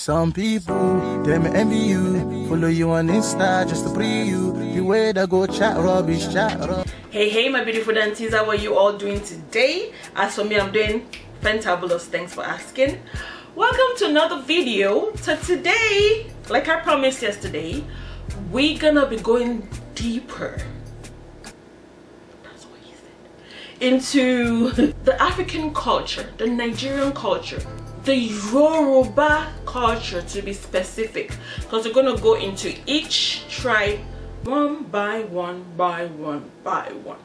Some people, them envy you. Follow you on Insta just to pray you. The way they go chat rubbish, chat rubbish. Hey, hey, my beautiful dances. How are you all doing today? As for me, I'm doing fantabulous. Thanks for asking. Welcome to another video. So today, like I promised yesterday, we're gonna be going deeper. That's what he said. Into the African culture, the Nigerian culture, the Yoruba culture to be specific because we're going to go into each tribe one by one by one by one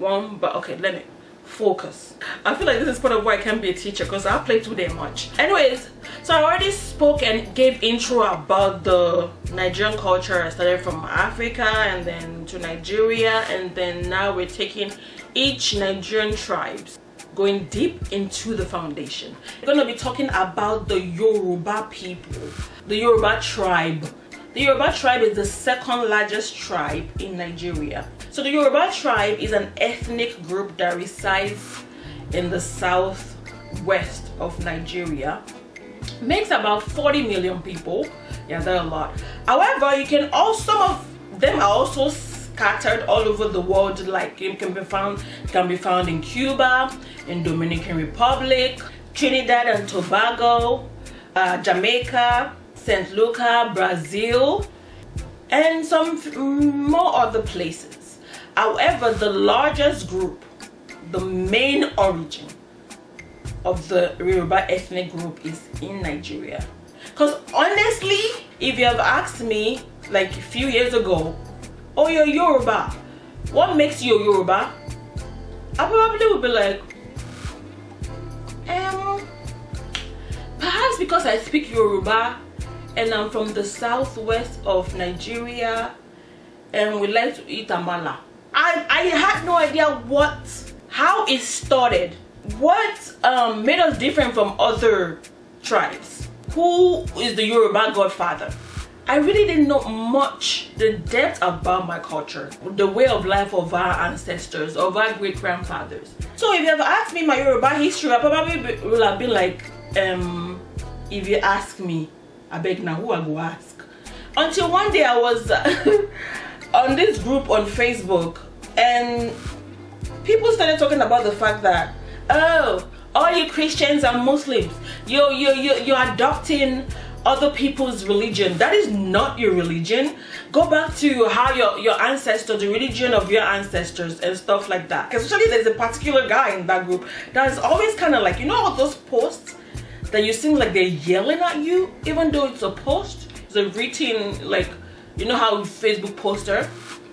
one but okay let me focus i feel like this is part of why i can't be a teacher because i play too damn much anyways so i already spoke and gave intro about the nigerian culture i started from africa and then to nigeria and then now we're taking each nigerian tribes going deep into the foundation. We're going to be talking about the Yoruba people, the Yoruba tribe. The Yoruba tribe is the second largest tribe in Nigeria. So the Yoruba tribe is an ethnic group that resides in the southwest of Nigeria. Makes about 40 million people. Yeah, that's a lot. However, you can also, some of them are also scattered all over the world like it can be found can be found in Cuba in Dominican Republic Trinidad and Tobago uh, Jamaica St. Lucia Brazil and some more other places however the largest group the main origin of the Yoruba ethnic group is in Nigeria because honestly if you have asked me like a few years ago or you're Yoruba. What makes you a Yoruba? I probably would be like, um, perhaps because I speak Yoruba and I'm from the southwest of Nigeria and we like to eat amala. I, I had no idea what, how it started. What um, made us different from other tribes? Who is the Yoruba godfather? I really didn't know much the depth about my culture, the way of life of our ancestors, of our great grandfathers. So if you ever asked me my Yoruba history, I probably be, will have been like, um, if you ask me, I beg now who I go ask. Until one day I was on this group on Facebook and people started talking about the fact that, oh, all you Christians are Muslims. You you you you're adopting other people's religion. That is not your religion. Go back to how your, your ancestors, the religion of your ancestors and stuff like that. Especially there's a particular guy in that group that is always kind of like, you know all those posts that you seem like they're yelling at you even though it's a post? It's a written like, you know how Facebook poster?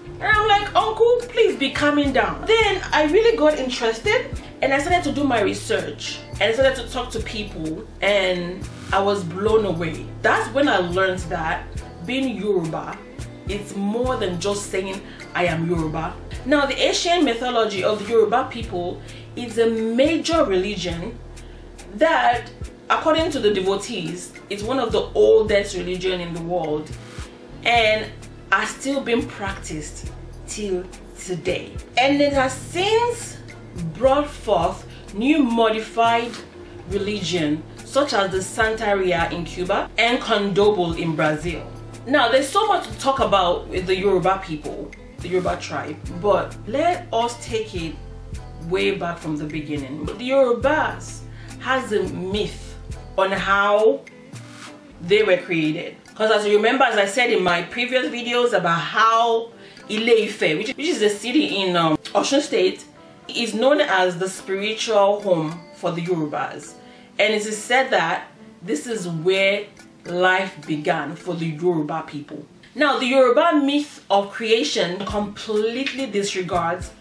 And I'm like, uncle, please be calming down. Then I really got interested and I started to do my research and I started to talk to people and I was blown away. That's when I learned that being Yoruba, it's more than just saying I am Yoruba. Now the Asian mythology of Yoruba people is a major religion that according to the devotees is one of the oldest religion in the world and are still being practiced till today and it has since brought forth new modified religion such as the Santeria in Cuba and Condobol in Brazil. Now there's so much to talk about with the Yoruba people, the Yoruba tribe, but let us take it way back from the beginning. The Yorubas has a myth on how they were created. Because as you remember, as I said in my previous videos about how Ile Ife, which, which is a city in um, Ocean State, is known as the spiritual home for the Yorubas. And it is said that this is where life began for the Yoruba people. Now, the Yoruba myth of creation completely disregards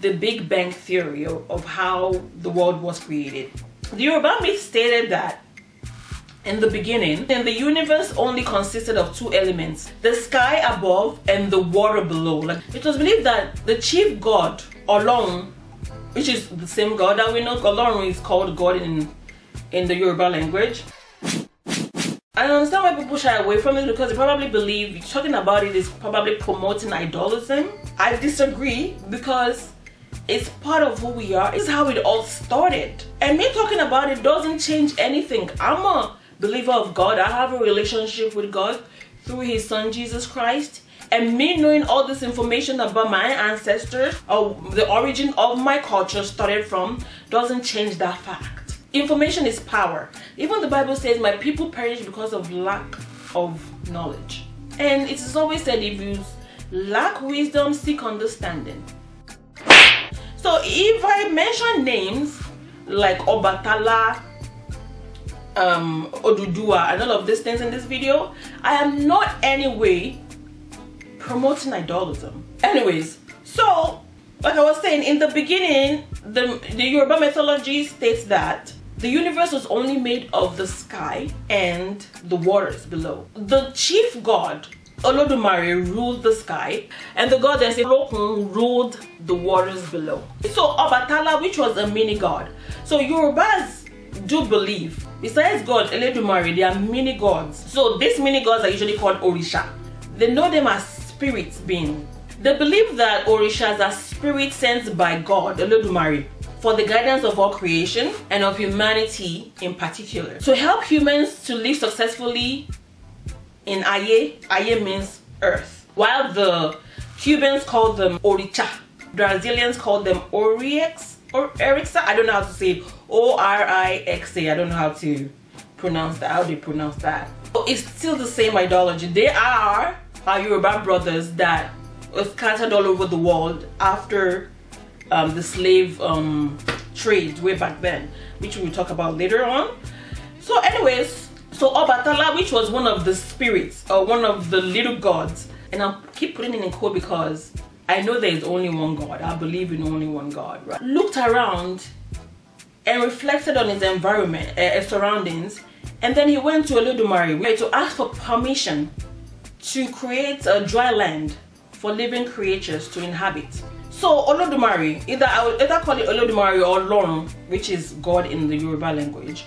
the Big Bang theory of how the world was created. The Yoruba myth stated that in the beginning, then the universe only consisted of two elements, the sky above and the water below. Like, it was believed that the chief god, Olong, which is the same God that we know. Olorun is called God in in the Yoruba language. I understand why people shy away from it because they probably believe talking about it is probably promoting idolism. I disagree because it's part of who we are. It's how it all started. And me talking about it doesn't change anything. I'm a believer of God. I have a relationship with God through his son Jesus Christ and me knowing all this information about my ancestors or the origin of my culture started from doesn't change that fact information is power even the bible says my people perish because of lack of knowledge and it is always said if you lack wisdom seek understanding so if i mention names like obatala um, Odudua and all of these things in this video, I am not anyway promoting idolism. Anyways, so like I was saying in the beginning, the, the Yoruba mythology states that the universe was only made of the sky and the waters below. The chief god, Olodumare, ruled the sky, and the goddess Lokun ruled the waters below. So Obatala, which was a mini god. So Yorubas do believe, besides God, Olodumare, there are mini gods. So these mini gods are usually called Orisha. They know them as spirits being. They believe that Orishas are spirits sent by God, Olodumare, for the guidance of all creation and of humanity in particular. To help humans to live successfully in Aye, Aye means earth, while the Cubans call them Oricha, Brazilians call them Oriex or Erixa, I don't know how to say O-R-I-X-A, I don't know how to pronounce that, how do pronounce that? But it's still the same ideology, they are our Yoruba brothers that was scattered all over the world after um, the slave um, trade way back then, which we will talk about later on. So anyways, so Obatala, which was one of the spirits or uh, one of the little gods, and I'll keep putting it in quote because I know there is only one God. I believe in only one God. Right? Looked around and reflected on his environment, uh, uh surroundings, and then he went to Olodumare to ask for permission to create a dry land for living creatures to inhabit. So Olodumari, either I would either call it Olodumari or Lorun, which is God in the Yoruba language,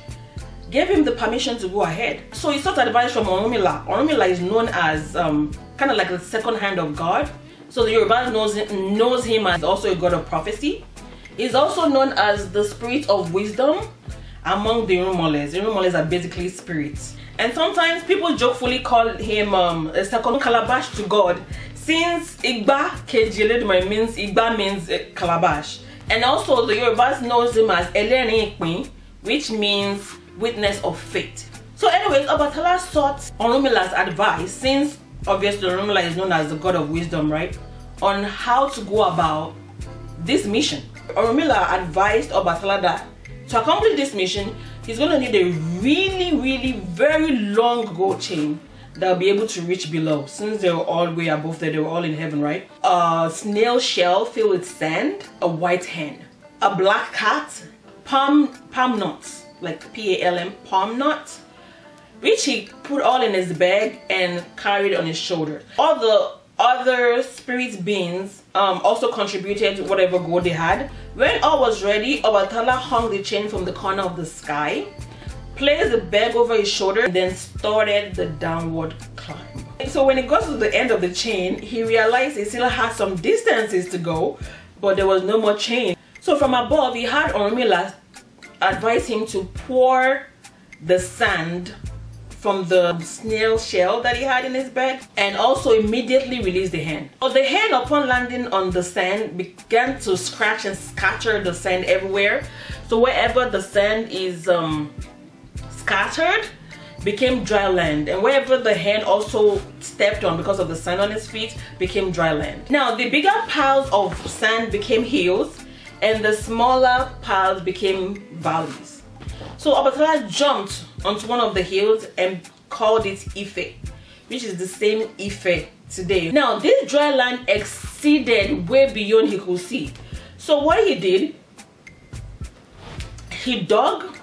gave him the permission to go ahead. So he sought advice from Orunmila. Orunmila is known as um, kind of like the second hand of God. So the Yoruba knows, knows him as also a god of prophecy. He's also known as the spirit of wisdom among the Irumoles. Irumoles are basically spirits and sometimes people jokefully call him um, a second calabash to God since Igba Kejiledumare means Igba means eh, calabash and also the Yorubas knows him as Eleni which means witness of faith. So anyways Obatala sought Onumila's advice since obviously Onumila is known as the god of wisdom right on how to go about this mission. Orumila advised Obatala that to accomplish this mission he's going to need a really really very long gold chain that'll be able to reach below since they were all way above there they were all in heaven right a snail shell filled with sand a white hen a black cat palm palm nuts like p-a-l-m palm nuts which he put all in his bag and carried on his shoulder all the other spirit beings um, also contributed whatever gold they had. When all was ready, Obatala hung the chain from the corner of the sky, placed the bag over his shoulder, then started the downward climb. And so when he got to the end of the chain, he realized he still had some distances to go, but there was no more chain. So from above, he had Ormila advise him to pour the sand from the snail shell that he had in his bag and also immediately released the hen. So the hen upon landing on the sand began to scratch and scatter the sand everywhere. So wherever the sand is um, scattered became dry land and wherever the hen also stepped on because of the sand on his feet became dry land. Now the bigger piles of sand became hills and the smaller piles became valleys. So Abatala jumped onto one of the hills and called it Ife which is the same Ife today. Now this dry land exceeded way beyond he could see. So what he did, he dug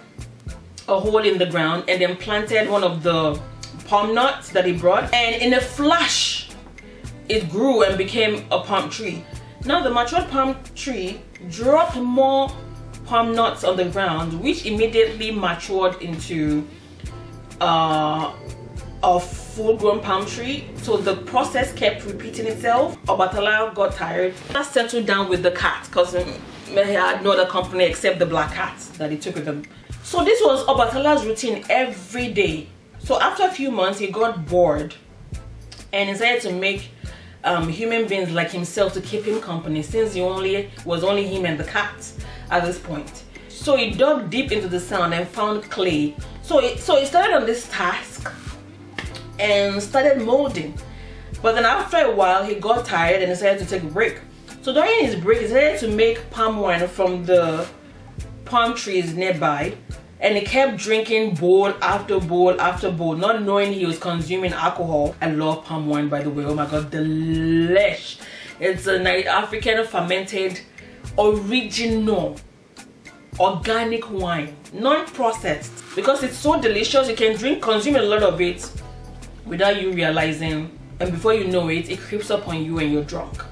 a hole in the ground and then planted one of the palm nuts that he brought and in a flash it grew and became a palm tree. Now the matured palm tree dropped more palm nuts on the ground which immediately matured into uh, a full-grown palm tree so the process kept repeating itself Obatala got tired I settled down with the cat because he had no other company except the black cat that he took with him so this was Obatala's routine every day so after a few months he got bored and decided to make um, human beings like himself to keep him company since he only was only him and the cat at this point. So he dug deep into the sand and found clay. So it, so he started on this task and started molding. But then after a while, he got tired and decided to take a break. So during his break, he decided to make palm wine from the palm trees nearby. And he kept drinking bowl after bowl after bowl, not knowing he was consuming alcohol. I love palm wine, by the way. Oh my God, delish. It's a night African fermented original organic wine non-processed because it's so delicious you can drink consume a lot of it without you realizing and before you know it it creeps up on you and you're drunk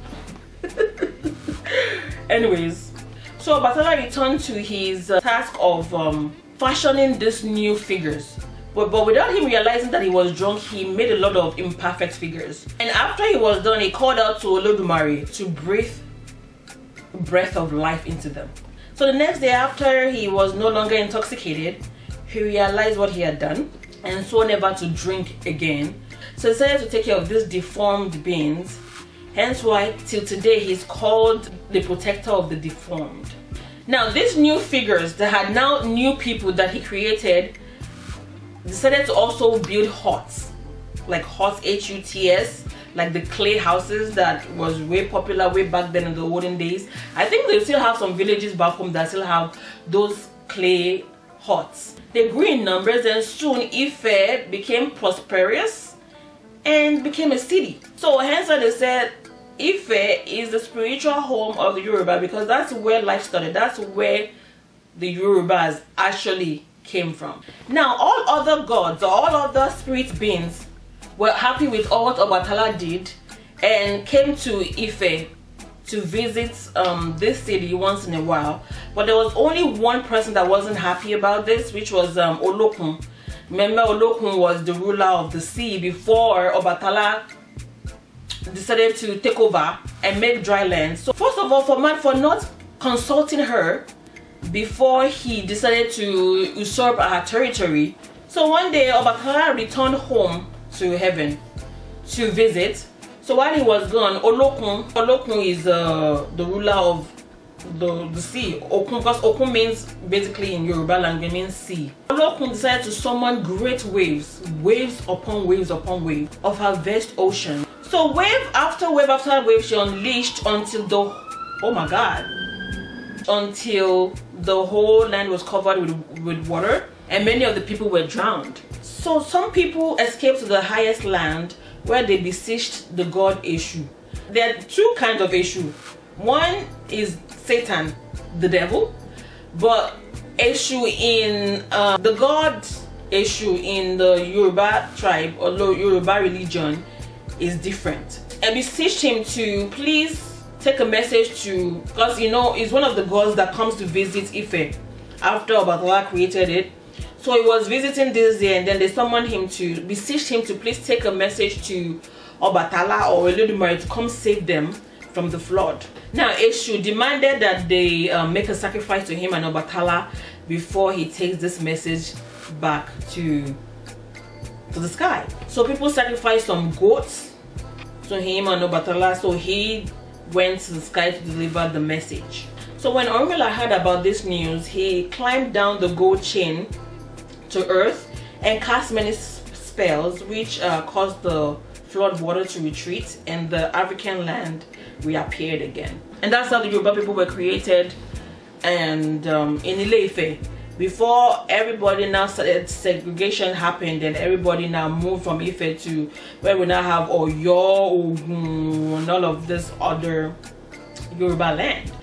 anyways so Batala returned to his uh, task of um, fashioning these new figures but, but without him realizing that he was drunk he made a lot of imperfect figures and after he was done he called out to Olodumare to breathe breath of life into them. So the next day after he was no longer intoxicated, he realized what he had done and swore never to drink again. So decided to take care of these deformed beings. Hence why till today he's called the protector of the deformed. Now these new figures that had now new people that he created decided to also build huts like huts H-U-T-S like the clay houses that was way popular way back then in the olden days i think they still have some villages back home that still have those clay huts they grew in numbers and soon ife became prosperous and became a city so hence why they said ife is the spiritual home of the yoruba because that's where life started that's where the yorubas actually came from now all other gods all other spirit beings were happy with all what Obatala did and came to Ife to visit um, this city once in a while. But there was only one person that wasn't happy about this, which was um, Olokun. Remember, Olokun was the ruler of the sea before Obatala decided to take over and make dry land. So first of all, for man for not consulting her before he decided to usurp her territory. So one day, Obatala returned home to heaven to visit. So while he was gone, Olokun, Olokun is uh, the ruler of the, the sea. Okun, because Okun means basically in Yoruba language means sea. Olokun decided to summon great waves, waves upon waves upon waves of her vast ocean. So wave after wave after wave she unleashed until the oh my god until the whole land was covered with, with water and many of the people were drowned. So some people escaped to the highest land where they besieged the god Eshu. There are two kinds of Eshu. One is Satan, the devil, but Eshu in uh, the god Eshu in the Yoruba tribe or Yoruba religion is different. I besieged him to please take a message to because you know it's one of the gods that comes to visit Ife after Obatala created it so he was visiting this day and then they summoned him to beseech him to please take a message to Obatala or Eludimari to come save them from the flood. Now Eshu demanded that they uh, make a sacrifice to him and Obatala before he takes this message back to, to the sky. So people sacrificed some goats to him and Obatala so he went to the sky to deliver the message. So when Ormila heard about this news, he climbed down the gold chain to earth and cast many spells which uh, caused the flood water to retreat and the African land reappeared again. And that's how the Yoruba people were created and um, in Ilefe. Before everybody now started, segregation happened and everybody now moved from Ife to where we now have Oyo, and all of this other Yoruba land.